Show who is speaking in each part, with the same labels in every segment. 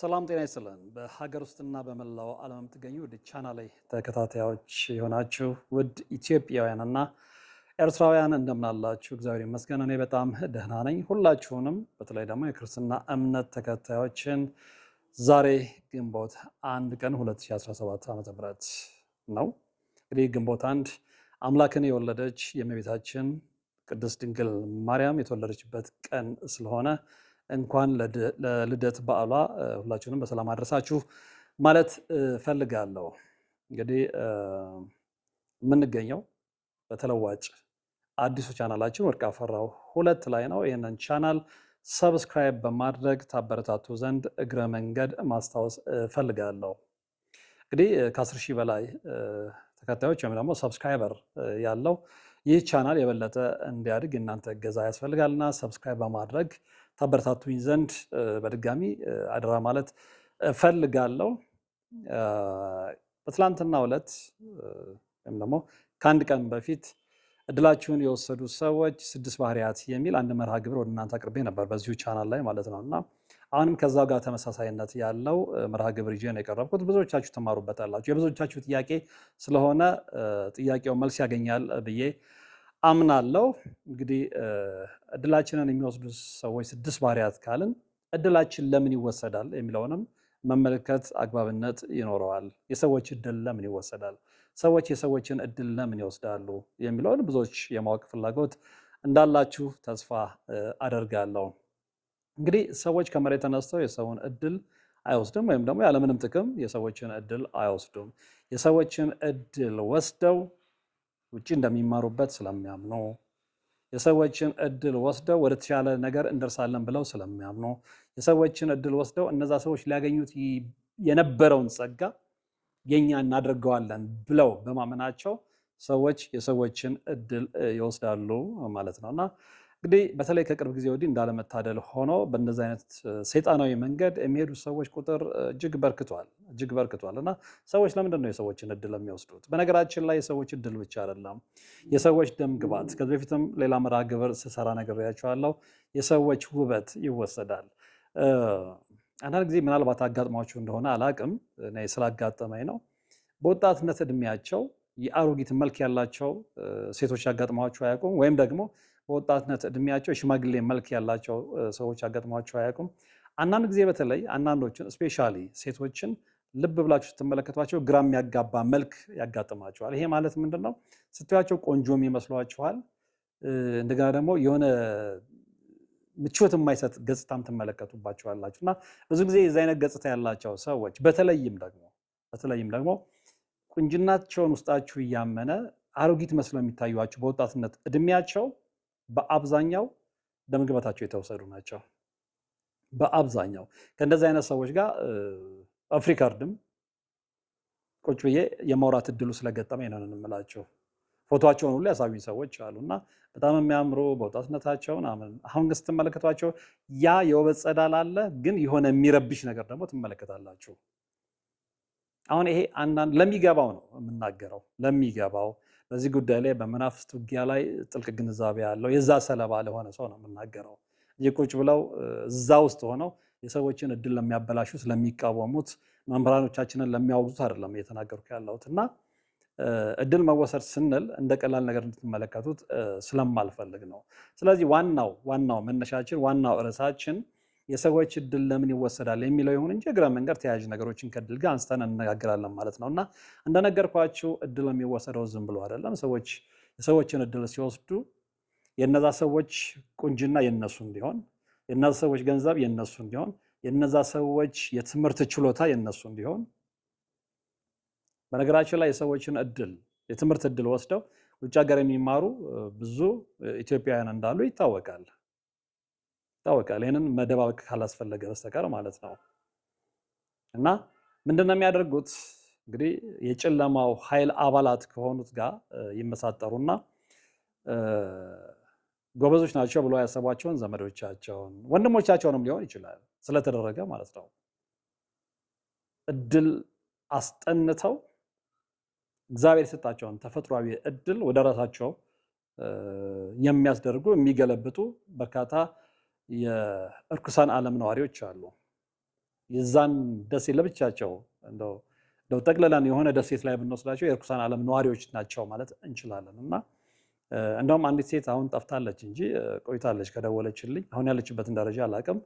Speaker 1: ሰላም ጤና ይስጥልን። በሀገር ውስጥና በመላው ዓለም የምትገኙ ውድ ቻና ላይ ተከታታዮች የሆናችሁ ውድ ኢትዮጵያውያንና ኤርትራውያን እንደምናላችሁ፣ እግዚአብሔር ይመስገን እኔ በጣም ደህና ነኝ። ሁላችሁንም በተለይ ደግሞ የክርስትና እምነት ተከታዮችን ዛሬ ግንቦት አንድ ቀን 2017 ዓ ም ነው እንግዲህ ግንቦት አንድ አምላክን የወለደች የእመቤታችን ቅድስት ድንግል ማርያም የተወለደችበት ቀን ስለሆነ እንኳን ለልደት በዓሏ ሁላችሁንም በሰላም አድረሳችሁ ማለት ፈልጋለሁ። እንግዲህ የምንገኘው በተለዋጭ አዲሱ ቻናላችን ወርቅ አፈራው ሁለት ላይ ነው። ይህንን ቻናል ሰብስክራይብ በማድረግ ታበረታቱ ዘንድ እግረ መንገድ ማስታወስ ፈልጋለሁ። እንግዲህ ከአስር ሺህ በላይ ተከታዮች ወይም ደግሞ ሰብስክራይበር ያለው ይህ ቻናል የበለጠ እንዲያድግ እናንተ እገዛ ያስፈልጋልና ሰብስክራይብ በማድረግ ታበረታቱኝ ዘንድ በድጋሚ አደራ ማለት እፈልጋለሁ። በትላንትና ዕለት ወይም ደግሞ ከአንድ ቀን በፊት እድላችሁን የወሰዱ ሰዎች ስድስት ባህሪያት የሚል አንድ መርሃ ግብር ወደ እናንተ አቅርቤ ነበር በዚሁ ቻናል ላይ ማለት ነው እና አሁንም ከዛው ጋር ተመሳሳይነት ያለው መርሃ ግብር ይዤ ነው የቀረብኩት። ብዙዎቻችሁ ትማሩበታላችሁ። የብዙዎቻችሁ ጥያቄ ስለሆነ ጥያቄው መልስ ያገኛል ብዬ አምናለሁ። እንግዲህ እድላችንን የሚወስዱ ሰዎች ስድስት ባህሪያት ካልን እድላችን ለምን ይወሰዳል የሚለውንም መመልከት አግባብነት ይኖረዋል። የሰዎች እድል ለምን ይወሰዳል፣ ሰዎች የሰዎችን እድል ለምን ይወስዳሉ የሚለውን ብዙዎች የማወቅ ፍላጎት እንዳላችሁ ተስፋ አደርጋለሁ። እንግዲህ ሰዎች ከመሬት ተነስተው የሰውን እድል አይወስድም ወይም ደግሞ ያለምንም ጥቅም የሰዎችን እድል አይወስዱም። የሰዎችን እድል ወስደው ውጭ እንደሚማሩበት ስለሚያምኑ የሰዎችን እድል ወስደው ወደ ተሻለ ነገር እንደርሳለን ብለው ስለሚያምኑ የሰዎችን እድል ወስደው እነዛ ሰዎች ሊያገኙት የነበረውን ጸጋ የኛ እናደርገዋለን ብለው በማመናቸው ሰዎች የሰዎችን እድል ይወስዳሉ ማለት ነው እና እንግዲህ በተለይ ከቅርብ ጊዜ ወዲህ እንዳለመታደል ሆኖ በእንደዚህ አይነት ሰይጣናዊ መንገድ የሚሄዱ ሰዎች ቁጥር እጅግ በርክቷል እጅግ በርክቷል። እና ሰዎች ለምንድን ነው የሰዎችን እድል የሚወስዱት? በነገራችን ላይ የሰዎች እድል ብቻ አይደለም የሰዎች ደም ግባት። ከዚህ በፊትም ሌላ መርሃ ግብር ስሰራ ነግሬያቸዋለሁ። የሰዎች ውበት ይወሰዳል። አንዳንድ ጊዜ ምናልባት አጋጥሟችሁ እንደሆነ አላቅም፣ ስላጋጠመኝ ነው። በወጣትነት እድሜያቸው የአሮጊት መልክ ያላቸው ሴቶች ያጋጥሟችሁ አያውቁም? ወይም ደግሞ በወጣትነት እድሜያቸው የሽማግሌ መልክ ያላቸው ሰዎች አጋጥሟቸው አያውቁም። አንዳንድ ጊዜ በተለይ አንዳንዶችን ስፔሻሊ ሴቶችን ልብ ብላችሁ ስትመለከቷቸው ግራ የሚያጋባ መልክ ያጋጥማቸዋል። ይሄ ማለት ምንድን ነው? ቆንጆም ይመስሏችኋል። እንደገና ደግሞ የሆነ ምቾት የማይሰጥ ገጽታም ትመለከቱባቸዋላችሁ እና ብዙ ጊዜ የዚ አይነት ገጽታ ያላቸው ሰዎች በተለይም ደግሞ በተለይም ደግሞ ቁንጅናቸውን ውስጣችሁ እያመነ አሮጊት መስለው የሚታዩቸው በወጣትነት እድሜያቸው በአብዛኛው ለምግበታቸው የተወሰዱ ናቸው። በአብዛኛው ከእንደዚህ አይነት ሰዎች ጋር አፍሪካርድም ቁጭ ብዬ የማውራት እድሉ ስለገጠመኝ ነው እንምላቸው ፎቶቸውን ሁሉ ያሳዩኝ ሰዎች አሉ እና በጣም የሚያምሩ በወጣትነታቸው ምናምን። አሁን ግን ስትመለከቷቸው ያ የውበት ጸዳል አለ፣ ግን የሆነ የሚረብሽ ነገር ደግሞ ትመለከታላችሁ። አሁን ይሄ አንዳንድ ለሚገባው ነው የምናገረው፣ ለሚገባው በዚህ ጉዳይ ላይ በመናፍስት ውጊያ ላይ ጥልቅ ግንዛቤ ያለው የዛ ሰለባ ለሆነ ሰው ነው የምናገረው ይቁጭ ቁጭ ብለው እዛ ውስጥ ሆነው የሰዎችን እድል ለሚያበላሹት፣ ለሚቃወሙት መምህራኖቻችንን ለሚያወግዙት አይደለም እየተናገርኩ ያለሁት እና እድል መወሰድ ስንል እንደ ቀላል ነገር እንድትመለከቱት ስለማልፈልግ ነው። ስለዚህ ዋናው ዋናው መነሻችን ዋናው ርዕሳችን የሰዎች እድል ለምን ይወሰዳል የሚለው ይሁን እንጂ እግረ መንገድ ተያዥ ነገሮችን ከእድል ጋር አንስተን እንነጋገራለን ማለት ነው እና እንደነገርኳችሁ እድል የሚወሰደው ዝም ብሎ አይደለም። ሰዎች የሰዎችን እድል ሲወስዱ የነዛ ሰዎች ቁንጅና የነሱ እንዲሆን፣ የነዛ ሰዎች ገንዘብ የነሱ እንዲሆን፣ የነዛ ሰዎች የትምህርት ችሎታ የነሱ እንዲሆን በነገራችን ላይ የሰዎችን እድል የትምህርት እድል ወስደው ውጭ ሀገር የሚማሩ ብዙ ኢትዮጵያውያን እንዳሉ ይታወቃል። ይታወቃል። ይህንን መደባበቅ ካላስፈለገ በስተቀር ማለት ነው። እና ምንድነው የሚያደርጉት እንግዲህ የጨለማው ኃይል አባላት ከሆኑት ጋር ይመሳጠሩና ጎበዞች ናቸው ብሎ ያሰቧቸውን ዘመዶቻቸውን ወንድሞቻቸውንም ሊሆን ይችላል ስለተደረገ ማለት ነው እድል አስጠንተው እግዚአብሔር የሰጣቸውን ተፈጥሯዊ እድል ወደ ራሳቸው የሚያስደርጉ የሚገለብጡ በርካታ የእርኩሳን ዓለም ነዋሪዎች አሉ። የዛን ደሴት ለብቻቸው እንደው ጠቅለላን የሆነ ደሴት ላይ ብንወስዳቸው የእርኩሳን ዓለም ነዋሪዎች ናቸው ማለት እንችላለን እና እንደውም አንዲት ሴት አሁን ጠፍታለች እንጂ ቆይታለች ከደወለችልኝ። አሁን ያለችበትን ደረጃ አላቅም።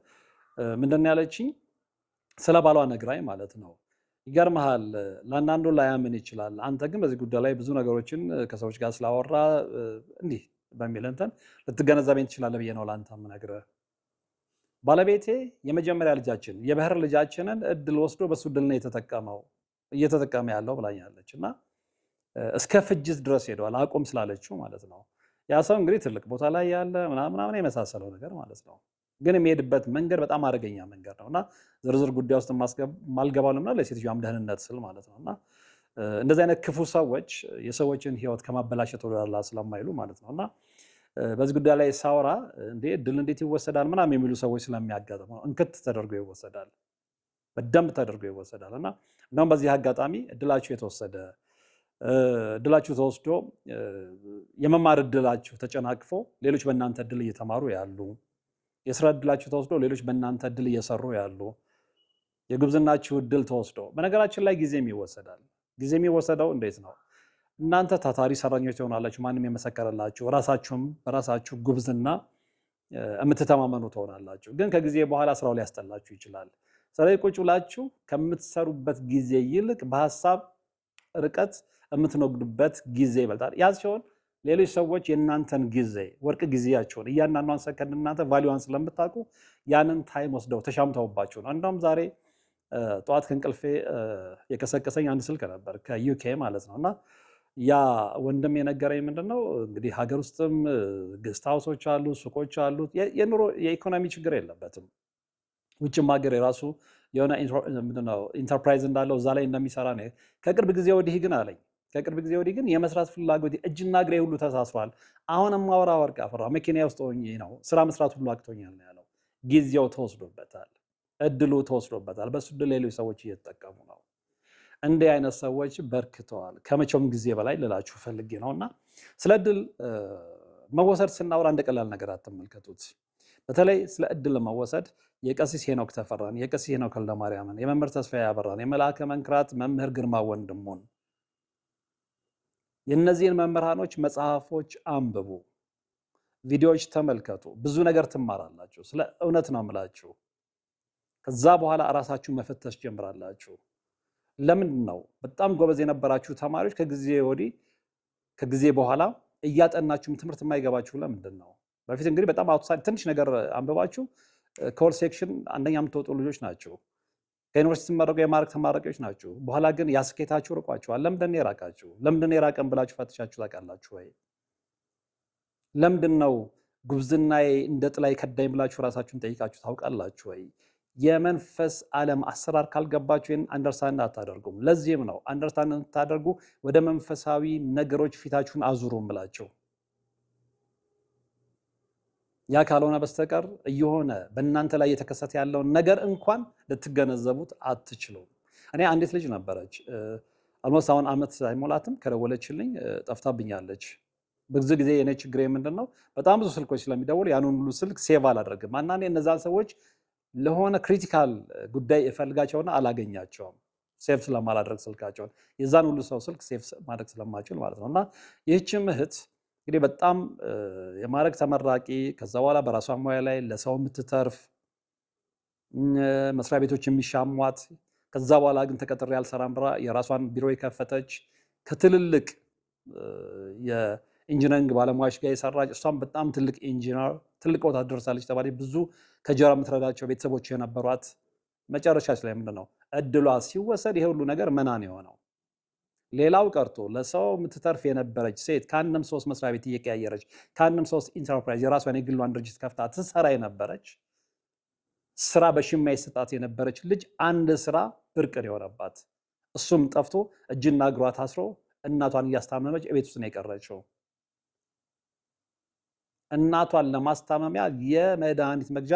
Speaker 1: ምንድን ያለችኝ ስለ ባሏ ነግራኝ ማለት ነው። ይገርመሃል፣ ለአንዳንዱ ላያምን ይችላል። አንተ ግን በዚህ ጉዳይ ላይ ብዙ ነገሮችን ከሰዎች ጋር ስላወራ እንዲህ በሚል እንትን ልትገነዘበኝ ትችላለህ ብዬ ነው ለአንተ የምነግርህ ባለቤቴ የመጀመሪያ ልጃችን የበህር ልጃችንን እድል ወስዶ በሱ እድል ነው የተጠቀመው እየተጠቀመ ያለው ብላኛለች እና እስከ ፍጅት ድረስ ሄደዋል። አቁም ስላለችው ማለት ነው። ያ ሰው እንግዲህ ትልቅ ቦታ ላይ ያለ ምናምን የመሳሰለው ነገር ማለት ነው። ግን የሚሄድበት መንገድ በጣም አደገኛ መንገድ ነው እና ዝርዝር ጉዳይ ውስጥ ማልገባው ለምና ለሴትዮዋም ደህንነት ስል ማለት ነው እና እንደዚህ አይነት ክፉ ሰዎች የሰዎችን ህይወት ከማበላሸት ወደኋላ ስለማይሉ ማለት ነው እና በዚህ ጉዳይ ላይ ሳውራ እንዴ ድል እንዴት ይወሰዳል ምናምን የሚሉ ሰዎች ስለሚያጋጥሙ ነው። እንክት ተደርጎ ይወሰዳል፣ በደንብ ተደርጎ ይወሰዳል። እና እንደውም በዚህ አጋጣሚ እድላችሁ የተወሰደ እድላችሁ ተወስዶ የመማር እድላችሁ ተጨናቅፎ ሌሎች በእናንተ እድል እየተማሩ ያሉ፣ የስራ እድላችሁ ተወስዶ ሌሎች በእናንተ እድል እየሰሩ ያሉ፣ የጉብዝናችሁ እድል ተወስዶ በነገራችን ላይ ጊዜም ይወሰዳል። ጊዜም ይወሰደው እንዴት ነው? እናንተ ታታሪ ሰራኞች ትሆናላችሁ፣ ማንም የመሰከረላችሁ፣ ራሳችሁም በራሳችሁ ጉብዝና የምትተማመኑ ትሆናላችሁ። ግን ከጊዜ በኋላ ስራው ሊያስጠላችሁ ይችላል። ስለዚህ ቁጭ ብላችሁ ከምትሰሩበት ጊዜ ይልቅ በሀሳብ ርቀት የምትኖግዱበት ጊዜ ይበልጣል። ያ ሲሆን ሌሎች ሰዎች የእናንተን ጊዜ ወርቅ ጊዜያቸውን እያንዳንዷን ሰከንድ እናንተ ቫሊዋን ስለምታውቁ ያንን ታይም ወስደው ተሻምተውባችሁ ነው። እንደውም ዛሬ ጠዋት ከእንቅልፌ የቀሰቀሰኝ አንድ ስልክ ነበር ከዩኬ ማለት ነው እና ያ ወንድም የነገረኝ ምንድን ነው እንግዲህ ሀገር ውስጥም ግስት ሀውሶች አሉ፣ ሱቆች አሉ። የኑሮ የኢኮኖሚ ችግር የለበትም። ውጭም ሀገር የራሱ የሆነ ኢንተርፕራይዝ እንዳለው እዛ ላይ እንደሚሰራ ነው። ከቅርብ ጊዜ ወዲህ ግን አለኝ ከቅርብ ጊዜ ወዲህ ግን የመስራት ፍላጎት እጅና እግሬ ሁሉ ተሳስሯል። አሁን ማወራ ወርቅ አፈራ መኪና ውስጥ ሆኜ ነው ስራ መስራት ሁሉ አቅቶኛል ነው ያለው። ጊዜው ተወስዶበታል፣ እድሉ ተወስዶበታል። በሱ ድል ሌሎች ሰዎች እየተጠቀሙ ነው። እንዲህ አይነት ሰዎች በርክተዋል ከመቼውም ጊዜ በላይ ልላችሁ ፈልጌ ነው። እና ስለ እድል መወሰድ ስናወራ እንደ ቀላል ነገር አትመልከቱት። በተለይ ስለ እድል መወሰድ የቀሲስ ሄኖክ ተፈራን፣ የቀሲስ ሄኖክ ለማርያምን፣ የመምህር ተስፋዬ አበራን፣ የመልአከ መንክራት መምህር ግርማ ወንድሙን የእነዚህን መምህራኖች መጽሐፎች አንብቡ፣ ቪዲዮዎች ተመልከቱ። ብዙ ነገር ትማራላችሁ። ስለ እውነት ነው የምላችሁ። ከዛ በኋላ እራሳችሁ መፈተሽ ጀምራላችሁ። ለምንድን ነው በጣም ጎበዝ የነበራችሁ ተማሪዎች ከጊዜ ወዲህ ከጊዜ በኋላ እያጠናችሁም ትምህርት የማይገባችሁ ለምንድን ነው? በፊት እንግዲህ በጣም አውትሳይድ ትንሽ ነገር አንብባችሁ ኮል ሴክሽን አንደኛ የምትወጡ ልጆች ናቸው። ከዩኒቨርሲቲ ተመረቁ የማዕረግ ተማራቂዎች ናቸው። በኋላ ግን ያስኬታችሁ ርቋችኋል። ለምንድን የራቃችሁ? ለምንድን የራቀን ብላችሁ ፈትሻችሁ ታውቃላችሁ ወይ? ለምንድን ነው ጉብዝናዬ እንደ ጥላይ ከዳኝ ብላችሁ ራሳችሁን ጠይቃችሁ ታውቃላችሁ ወይ? የመንፈስ ዓለም አሰራር ካልገባችሁ ይህን አንደርስታንድ አታደርጉም። ለዚህም ነው አንደርስታንድ እንድታደርጉ ወደ መንፈሳዊ ነገሮች ፊታችሁን አዙሩ ብላችሁ። ያ ካልሆነ በስተቀር እየሆነ በእናንተ ላይ እየተከሰተ ያለውን ነገር እንኳን ልትገነዘቡት አትችሉም። እኔ አንዲት ልጅ ነበረች አልሞስት አሁን አመት አይሞላትም ከደወለችልኝ ጠፍታብኛለች። ብዙ ጊዜ የኔ ችግር ምንድን ነው? በጣም ብዙ ስልኮች ስለሚደውል ያንን ሁሉ ስልክ ሴቭ አላደርግም። አንዳንዴ እነዛን ሰዎች ለሆነ ክሪቲካል ጉዳይ እፈልጋቸውና አላገኛቸውም። ሴፍ ስለማላደረግ ስልካቸውን የዛን ሁሉ ሰው ስልክ ሴፍ ማድረግ ስለማችል ማለት ነው። እና ይህችም እህት እንግዲህ በጣም የማድረግ ተመራቂ ከዛ በኋላ በራሷ ሙያ ላይ ለሰው የምትተርፍ መስሪያ ቤቶች የሚሻሟት ከዛ በኋላ ግን ተቀጥሬ አልሰራም ብራ የራሷን ቢሮ የከፈተች ከትልልቅ ኢንጂነሪንግ ባለሙያዎች ጋር የሰራች እሷም በጣም ትልቅ ኢንጂነር ትልቅ ቦታ ትደርሳለች ተባለ። ብዙ ከጀራ የምትረዳቸው ቤተሰቦች የነበሯት መጨረሻ ላይ ምንድን ነው እድሏ ሲወሰድ ይሄ ሁሉ ነገር መናን የሆነው። ሌላው ቀርቶ ለሰው የምትተርፍ የነበረች ሴት ከአንድም ሶስት መስሪያ ቤት እየቀያየረች ከአንድም ሶስት ኢንተርፕራይዝ የራሷን የግሏን ድርጅት ከፍታ ትሰራ የነበረች ስራ በሽማ ስጣት የነበረች ልጅ አንድ ስራ ብርቅ የሆነባት እሱም ጠፍቶ እጅና እግሯ ታስሮ እናቷን እያስታመመች ቤት ውስጥ ነው የቀረችው። እናቷን ለማስታመሚያ የመድኃኒት መግዣ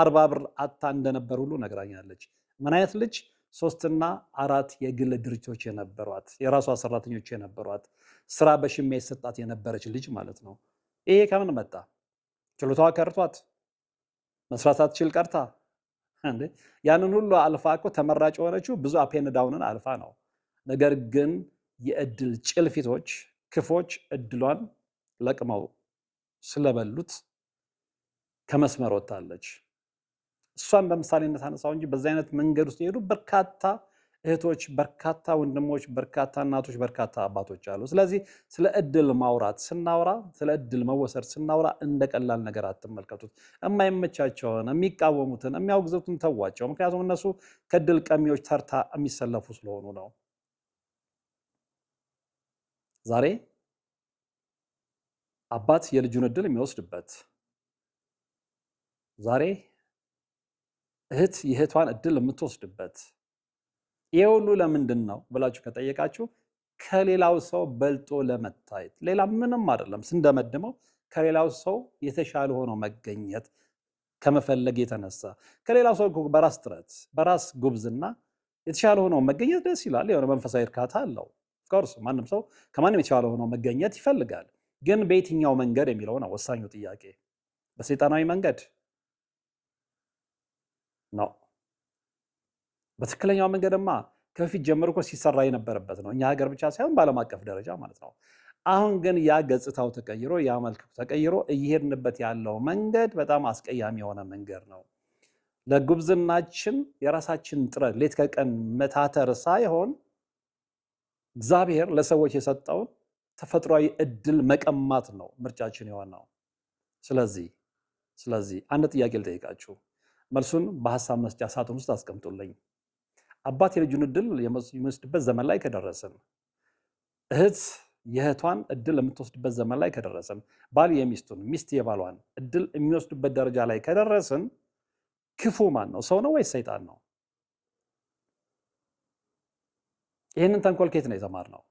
Speaker 1: አርባ ብር አታ እንደነበር ሁሉ ነግራኛለች። ምን አይነት ልጅ? ሶስትና አራት የግል ድርጅቶች የነበሯት የራሷ ሰራተኞች የነበሯት ስራ በሽሚያ የሰጣት የነበረች ልጅ ማለት ነው። ይሄ ከምን መጣ? ችሎታዋ ቀርቷት መስራት ሳትችል ቀርታ ያንን ሁሉ አልፋ እኮ ተመራጭ የሆነችው ብዙ አፔን ዳውንን አልፋ ነው። ነገር ግን የእድል ጭልፊቶች ክፎች እድሏን ለቅመው ስለበሉት ከመስመር ወጥታለች። እሷን በምሳሌነት አነሳው እንጂ በዚህ አይነት መንገድ ውስጥ የሄዱ በርካታ እህቶች፣ በርካታ ወንድሞች፣ በርካታ እናቶች፣ በርካታ አባቶች አሉ። ስለዚህ ስለ እድል ማውራት ስናውራ፣ ስለ እድል መወሰድ ስናወራ እንደ ቀላል ነገር አትመልከቱት። የማይመቻቸውን፣ የሚቃወሙትን፣ የሚያውግዙትን ተዋቸው። ምክንያቱም እነሱ ከእድል ቀሚዎች ተርታ የሚሰለፉ ስለሆኑ ነው። ዛሬ አባት የልጁን እድል የሚወስድበት፣ ዛሬ እህት የእህቷን እድል የምትወስድበት። ይሄ ሁሉ ለምንድን ነው ብላችሁ ከጠየቃችሁ ከሌላው ሰው በልጦ ለመታየት ሌላ ምንም አይደለም። ስንደመድመው ከሌላው ሰው የተሻለ ሆኖ መገኘት ከመፈለግ የተነሳ ከሌላው ሰው በራስ ጥረት በራስ ጉብዝና የተሻለ ሆኖ መገኘት ደስ ይላል። የሆነ መንፈሳዊ እርካታ አለው። ኦፍኮርስ ማንም ሰው ከማንም የተሻለ ሆኖ መገኘት ይፈልጋል። ግን በየትኛው መንገድ የሚለው ነው ወሳኙ ጥያቄ። በሰይጣናዊ መንገድ ነው። በትክክለኛው መንገድማ ከፊት ጀምሮ እኮ ሲሰራ የነበረበት ነው። እኛ ሀገር ብቻ ሳይሆን በዓለም አቀፍ ደረጃ ማለት ነው። አሁን ግን ያ ገጽታው ተቀይሮ ያ መልክ ተቀይሮ እየሄድንበት ያለው መንገድ በጣም አስቀያሚ የሆነ መንገድ ነው። ለጉብዝናችን የራሳችን ጥረት ሌት ከቀን መታተር ሳይሆን እግዚአብሔር ለሰዎች የሰጠውን ተፈጥሯዊ እድል መቀማት ነው ምርጫችን የሆነው። ስለዚህ ስለዚህ አንድ ጥያቄ ልጠይቃችሁ፣ መልሱን በሀሳብ መስጫ ሳጥን ውስጥ አስቀምጡልኝ። አባት የልጁን እድል የሚወስድበት ዘመን ላይ ከደረስን፣ እህት የእህቷን እድል የምትወስድበት ዘመን ላይ ከደረስን፣ ባል የሚስቱን ሚስት የባሏን እድል የሚወስዱበት ደረጃ ላይ ከደረስን፣ ክፉ ማን ነው? ሰው ነው ወይስ ሰይጣን ነው? ይህንን ተንኮል ከየት ነው የተማርነው?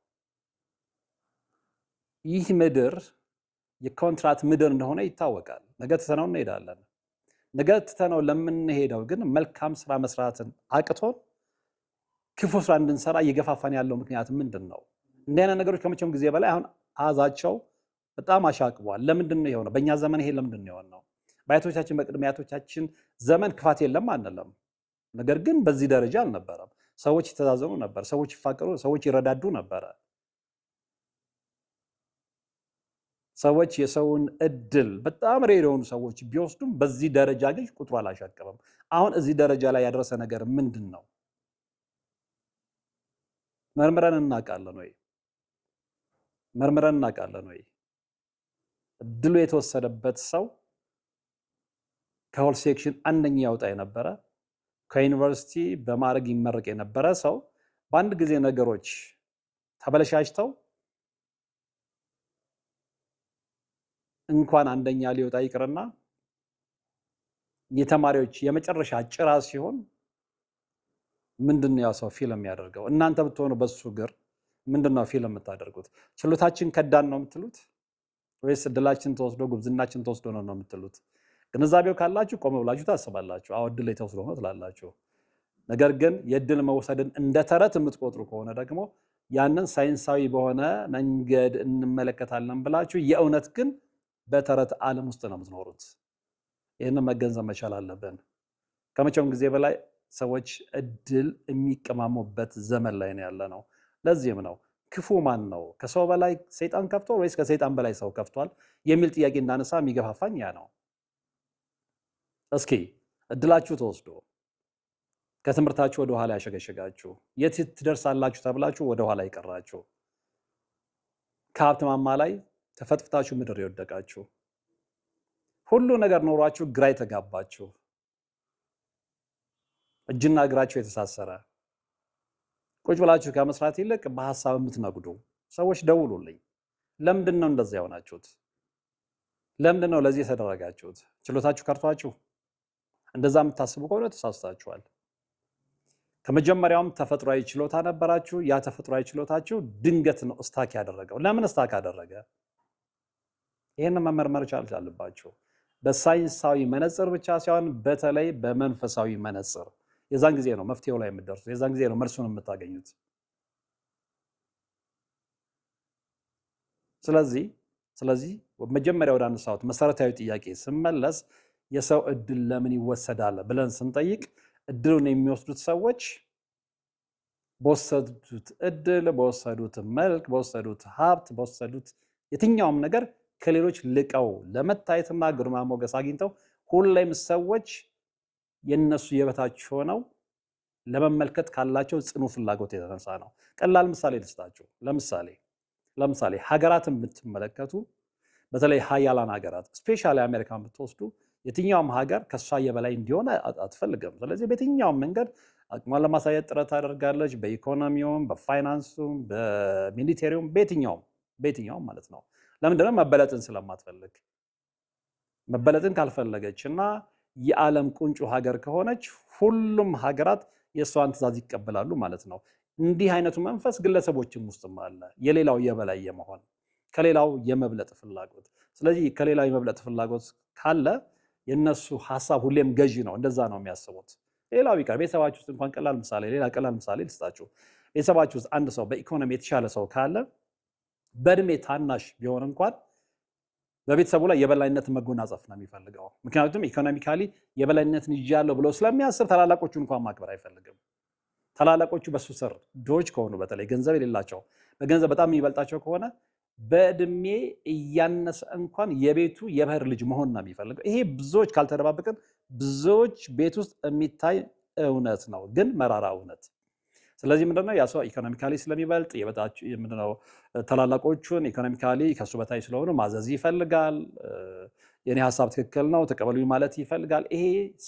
Speaker 1: ይህ ምድር የኮንትራት ምድር እንደሆነ ይታወቃል። ነገ ትተነው እንሄዳለን። ነገ ትተነው ለምንሄደው ግን መልካም ስራ መስራትን አቅቶን ክፉ ስራ እንድንሰራ እየገፋፋን ያለው ምክንያት ምንድን ነው? እንዲህ አይነት ነገሮች ከመቼም ጊዜ በላይ አሁን አዛቸው በጣም አሻቅቧል። ለምንድን ነው የሆነው? በእኛ ዘመን ይሄ ለምንድን ነው የሆነው? በአያቶቻችን በቅድሚያቶቻችን ዘመን ክፋት የለም አንለም፣ ነገር ግን በዚህ ደረጃ አልነበረም። ሰዎች ይተዛዘኑ ነበር። ሰዎች ይፋቀሩ፣ ሰዎች ይረዳዱ ነበረ። ሰዎች የሰውን እድል በጣም ሬድ የሆኑ ሰዎች ቢወስዱም በዚህ ደረጃ ግን ቁጥሩ አላሻቀበም። አሁን እዚህ ደረጃ ላይ ያደረሰ ነገር ምንድን ነው? መርምረን እናውቃለን ወይ? መርምረን እናውቃለን ወይ? እድሉ የተወሰደበት ሰው ከሆል ሴክሽን አንደኛ ያውጣ የነበረ ከዩኒቨርሲቲ በማዕረግ ይመረቅ የነበረ ሰው በአንድ ጊዜ ነገሮች ተበለሻሽተው እንኳን አንደኛ ሊወጣ ይቅርና የተማሪዎች የመጨረሻ ጭራ ሲሆን ምንድን ነው ሰው ፊልም ያደርገው? እናንተ ብትሆኑ በሱ እግር ምንድን ነው ፊልም የምታደርጉት? ችሎታችን ከዳን ነው የምትሉት ወይስ እድላችን ተወስዶ ጉብዝናችን ተወስዶ ነው ነው የምትሉት? ግንዛቤው ካላችሁ ቆመ ብላችሁ ታስባላችሁ። አዎ እድል ተወስዶ ነው ትላላችሁ። ነገር ግን የእድል መውሰድን እንደ ተረት የምትቆጥሩ ከሆነ ደግሞ ያንን ሳይንሳዊ በሆነ መንገድ እንመለከታለን ብላችሁ የእውነት ግን በተረት ዓለም ውስጥ ነው የምትኖሩት። ይህንን መገንዘብ መቻል አለብን። ከመቼውም ጊዜ በላይ ሰዎች እድል የሚቀማሙበት ዘመን ላይ ነው ያለ ነው። ለዚህም ነው ክፉ ማን ነው ከሰው በላይ ሰይጣን ከፍቷል ወይስ ከሰይጣን በላይ ሰው ከፍቷል የሚል ጥያቄ እንዳነሳ የሚገፋፋኝ ያ ነው። እስኪ እድላችሁ ተወስዶ ከትምህርታችሁ ወደ ኋላ ያሸገሸጋችሁ የት ትደርሳላችሁ ተብላችሁ ወደ ኋላ ይቀራችሁ ከሀብት ማማ ላይ ተፈጥፍታችሁ ምድር የወደቃችሁ ሁሉ ነገር ኖሯችሁ ግራ የተጋባችሁ እጅና እግራችሁ የተሳሰረ ቁጭ ብላችሁ ከመስራት ይልቅ በሀሳብ የምትነግዱ ሰዎች ደውሉልኝ። ለምንድን ነው እንደዚያ የሆናችሁት? ለምንድን ነው ለዚህ የተደረጋችሁት? ችሎታችሁ ከርቷችሁ? እንደዛ የምታስቡ ከሆነ ተሳስታችኋል። ከመጀመሪያውም ተፈጥሯዊ ችሎታ ነበራችሁ። ያ ተፈጥሯዊ ችሎታችሁ ድንገት ነው እስታክ ያደረገው። ለምን እስታክ አደረገ? ይህን መመርመር ቻልች አለባቸው። በሳይንሳዊ መነጽር ብቻ ሳይሆን በተለይ በመንፈሳዊ መነጽር የዛን ጊዜ ነው መፍትሄው ላይ የምደርሱ የዛን ጊዜ ነው መልሱን የምታገኙት። ስለዚህ ስለዚህ መጀመሪያ ወደ አነሳሁት መሰረታዊ ጥያቄ ስመለስ የሰው እድል ለምን ይወሰዳል ብለን ስንጠይቅ እድሉን የሚወስዱት ሰዎች በወሰዱት እድል፣ በወሰዱት መልክ፣ በወሰዱት ሀብት፣ በወሰዱት የትኛውም ነገር ከሌሎች ልቀው ለመታየትና ግርማ ሞገስ አግኝተው ሁሌም ሰዎች የነሱ የበታች ሆነው ለመመልከት ካላቸው ጽኑ ፍላጎት የተነሳ ነው። ቀላል ምሳሌ ልስጣችሁ። ለምሳሌ ለምሳሌ ሀገራትን ብትመለከቱ በተለይ ሀያላን ሀገራት ስፔሻሊ አሜሪካን ብትወስዱ የትኛውም ሀገር ከእሷ የበላይ እንዲሆን አትፈልግም። ስለዚህ በየትኛውም መንገድ አቅሟን ለማሳየት ጥረት ታደርጋለች። በኢኮኖሚውም፣ በፋይናንሱም፣ በሚሊቴሪውም በየትኛውም በየትኛውም ማለት ነው። ለምንድነው? መበለጥን ስለማትፈልግ መበለጥን ካልፈለገች እና የዓለም ቁንጮ ሀገር ከሆነች ሁሉም ሀገራት የእሷን ትዕዛዝ ይቀበላሉ ማለት ነው። እንዲህ አይነቱ መንፈስ ግለሰቦችም ውስጥም አለ። የሌላው የበላይ የመሆን ከሌላው የመብለጥ ፍላጎት። ስለዚህ ከሌላው የመብለጥ ፍላጎት ካለ የነሱ ሀሳብ ሁሌም ገዢ ነው። እንደዛ ነው የሚያስቡት። ሌላው ቢቀር ቤተሰባችሁ ውስጥ እንኳን ቀላል ምሳሌ ሌላ ቀላል ምሳሌ ልስጣችሁ። ቤተሰባችሁ ውስጥ አንድ ሰው በኢኮኖሚ የተሻለ ሰው ካለ በእድሜ ታናሽ ቢሆን እንኳን በቤተሰቡ ላይ የበላይነት መጎናጸፍ ነው የሚፈልገው። ምክንያቱም ኢኮኖሚካሊ የበላይነትን ይዣለሁ ብሎ ስለሚያስብ ታላላቆቹ እንኳን ማክበር አይፈልግም። ታላላቆቹ በሱ ስር ድሆች ከሆኑ በተለይ ገንዘብ የሌላቸው በገንዘብ በጣም የሚበልጣቸው ከሆነ በእድሜ እያነሰ እንኳን የቤቱ የባህር ልጅ መሆን ነው የሚፈልገው። ይሄ ብዙዎች ካልተደባበቅን ብዙዎች ቤት ውስጥ የሚታይ እውነት ነው፣ ግን መራራ እውነት ስለዚህ ምንድነው ያ ሰው ኢኮኖሚካሊ ስለሚበልጥ ምንድነው ታላላቆቹን ኢኮኖሚካሊ ከሱ በታች ስለሆኑ ማዘዝ ይፈልጋል። የኔ ሀሳብ ትክክል ነው ተቀበሉ ማለት ይፈልጋል። ይሄ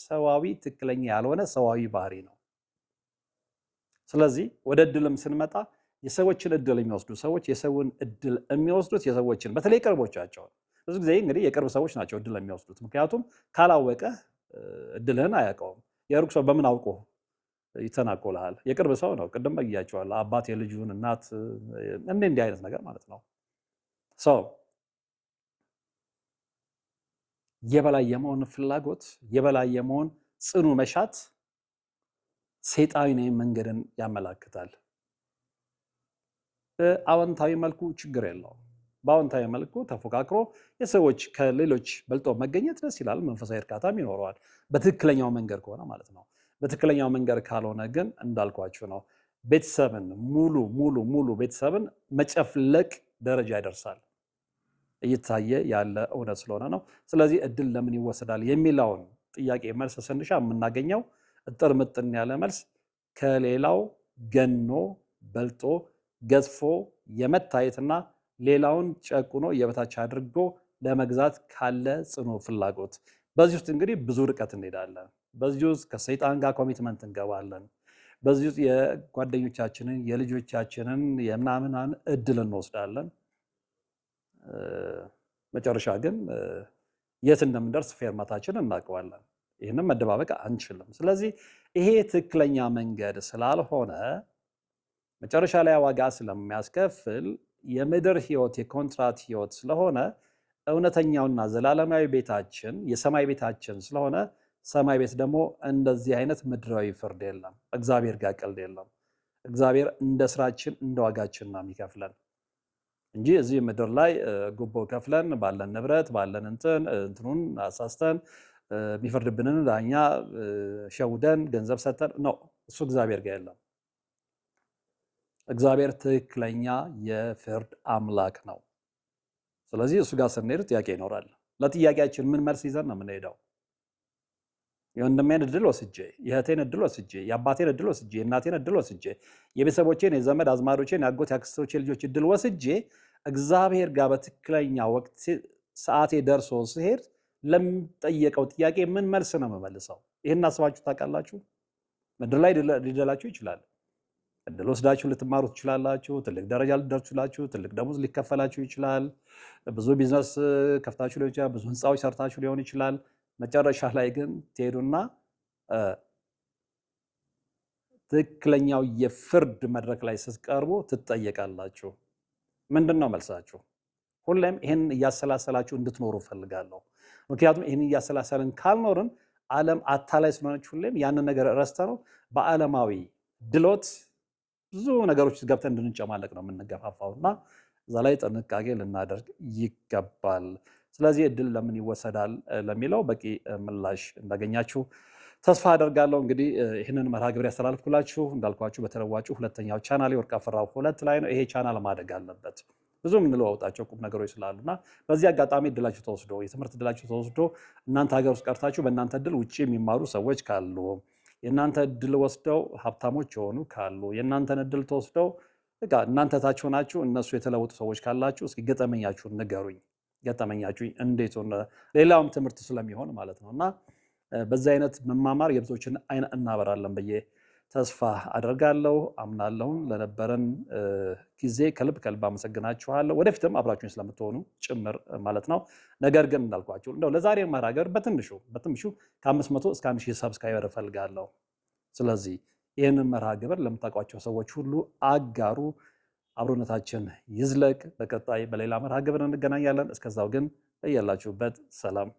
Speaker 1: ሰዋዊ ትክክለኛ ያልሆነ ሰዋዊ ባህሪ ነው። ስለዚህ ወደ እድልም ስንመጣ የሰዎችን እድል የሚወስዱ ሰዎች የሰውን እድል የሚወስዱት የሰዎችን በተለይ ቅርቦቻቸውን ብዙ ጊዜ እንግዲህ የቅርብ ሰዎች ናቸው እድል የሚወስዱት። ምክንያቱም ካላወቀ እድልህን አያውቀውም። የሩቅ ሰው በምን አውቆ ይተናቆልሃል። የቅርብ ሰው ነው። ቅድም በያቸዋል። አባት የልጁን እናት እንዴ እንዲህ አይነት ነገር ማለት ነው። ሰው የበላይ የመሆን ፍላጎት፣ የበላይ የመሆን ጽኑ መሻት ሴጣዊ መንገድን ያመላክታል። አዎንታዊ መልኩ ችግር የለውም። በአዎንታዊ መልኩ ተፎካክሮ የሰዎች ከሌሎች በልጦ መገኘት ደስ ይላል። መንፈሳዊ እርካታም ይኖረዋል። በትክክለኛው መንገድ ከሆነ ማለት ነው። በትክክለኛው መንገድ ካልሆነ ግን እንዳልኳችሁ ነው ቤተሰብን ሙሉ ሙሉ ሙሉ ቤተሰብን መጨፍለቅ ደረጃ ይደርሳል። እየታየ ያለ እውነት ስለሆነ ነው። ስለዚህ እድል ለምን ይወሰዳል የሚለውን ጥያቄ መልስ ስንሻ የምናገኘው እጥር ምጥን ያለ መልስ ከሌላው ገኖ በልጦ ገዝፎ የመታየትና ሌላውን ጨቁኖ የበታች አድርጎ ለመግዛት ካለ ጽኑ ፍላጎት በዚህ ውስጥ እንግዲህ ብዙ ርቀት እንሄዳለን። በዚህ ውስጥ ከሰይጣን ጋር ኮሚትመንት እንገባለን። በዚህ ውስጥ የጓደኞቻችንን የልጆቻችንን የምናምናን እድል እንወስዳለን። መጨረሻ ግን የት እንደምንደርስ ፌርማታችን እናውቀዋለን። ይህንም መደባበቅ አንችልም። ስለዚህ ይሄ ትክክለኛ መንገድ ስላልሆነ መጨረሻ ላይ ዋጋ ስለሚያስከፍል የምድር ህይወት የኮንትራት ህይወት ስለሆነ እውነተኛውና ዘላለማዊ ቤታችን የሰማይ ቤታችን ስለሆነ ሰማይ ቤት ደግሞ እንደዚህ አይነት ምድራዊ ፍርድ የለም። እግዚአብሔር ጋር ቀልድ የለም። እግዚአብሔር እንደ ስራችን እንደ ዋጋችን ነው የሚከፍለን እንጂ እዚህ ምድር ላይ ጉቦ ከፍለን ባለን ንብረት ባለን እንትን እንትኑን አሳስተን የሚፈርድብንን ዳኛ ሸውደን ገንዘብ ሰተን ነው። እሱ እግዚአብሔር ጋር የለም። እግዚአብሔር ትክክለኛ የፍርድ አምላክ ነው። ስለዚህ እሱ ጋር ስንሄድ ጥያቄ ይኖራል። ለጥያቄያችን ምን መልስ ይዘን ነው የምንሄደው? የወንድሜን እድል ወስጄ የእህቴን እድል ወስጄ የአባቴን እድል ወስጄ የእናቴን እድል ወስጄ የቤተሰቦቼን የዘመድ አዝማዶቼን የአጎት የአክስቶቼ ልጆች እድል ወስጄ እግዚአብሔር ጋር በትክክለኛ ወቅት ሰዓቴ ደርሶ ስሄድ ለምጠየቀው ጥያቄ ምን መልስ ነው የምመልሰው? ይህን አስባችሁ ታውቃላችሁ? ምድር ላይ ሊደላችሁ ይችላል። እድል ወስዳችሁ ልትማሩ ትችላላችሁ። ትልቅ ደረጃ ልደርሱላችሁ፣ ትልቅ ደሞዝ ሊከፈላችሁ ይችላል። ብዙ ቢዝነስ ከፍታችሁ ሊሆን ይችላል። ብዙ ህንፃዎች ሰርታችሁ ሊሆን ይችላል። መጨረሻ ላይ ግን ትሄዱና ትክክለኛው የፍርድ መድረክ ላይ ስትቀርቡ ትጠየቃላችሁ። ምንድን ነው መልሳችሁ? ሁሌም ይህን እያሰላሰላችሁ እንድትኖሩ እፈልጋለሁ። ምክንያቱም ይህን እያሰላሰልን ካልኖርን ዓለም አታላይ ስለሆነች ሁሌም ያንን ነገር ረስተ ነው በዓለማዊ ድሎት ብዙ ነገሮች ገብተን እንድንጨማለቅ ነው የምንገፋፋው እና እዛ ላይ ጥንቃቄ ልናደርግ ይገባል። ስለዚህ እድል ለምን ይወሰዳል ለሚለው በቂ ምላሽ እንዳገኛችሁ ተስፋ አደርጋለሁ። እንግዲህ ይህንን መርሃ ግብር ያስተላልፍኩላችሁ እንዳልኳችሁ በተለዋጩ ሁለተኛው ቻናል የወርቅ አፈራው ሁለት ላይ ነው። ይሄ ቻናል ማደግ አለበት። ብዙ የምንለዋውጣቸው ቁም ነገሮች ስላሉ እና በዚህ አጋጣሚ እድላችሁ ተወስዶ የትምህርት እድላችሁ ተወስዶ እናንተ ሀገር ውስጥ ቀርታችሁ በእናንተ እድል ውጭ የሚማሩ ሰዎች ካሉ የእናንተ እድል ወስደው ሀብታሞች የሆኑ ካሉ የእናንተን እድል ተወስደው እናንተ ናችሁ እነሱ የተለወጡ ሰዎች ካላችሁ እስኪ ገጠመኛችሁን ንገሩኝ። ገጠመኛችሁ እንዴት ሆነ፣ ሌላውም ትምህርት ስለሚሆን ማለት ነው እና በዚህ አይነት መማማር የብዙዎችን አይን እናበራለን ብዬ ተስፋ አደርጋለሁ አምናለሁ ለነበረን ጊዜ ከልብ ከልብ አመሰግናችኋለሁ። ወደፊትም አብራችሁን ስለምትሆኑ ጭምር ማለት ነው። ነገር ግን እንዳልኳችሁ እንደው ለዛሬ ማራገር በትንሹ በትንሹ ከአምስት መቶ እስከ አንድ ሺህ ሰብስክራይበር እፈልጋለሁ። ስለዚህ ይህንን መርሃ ግብር ለምታውቋቸው ሰዎች ሁሉ አጋሩ። አብሮነታችን ይዝለቅ። በቀጣይ በሌላ መርሃ ግብር እንገናኛለን። እስከዛው ግን እያላችሁበት ሰላም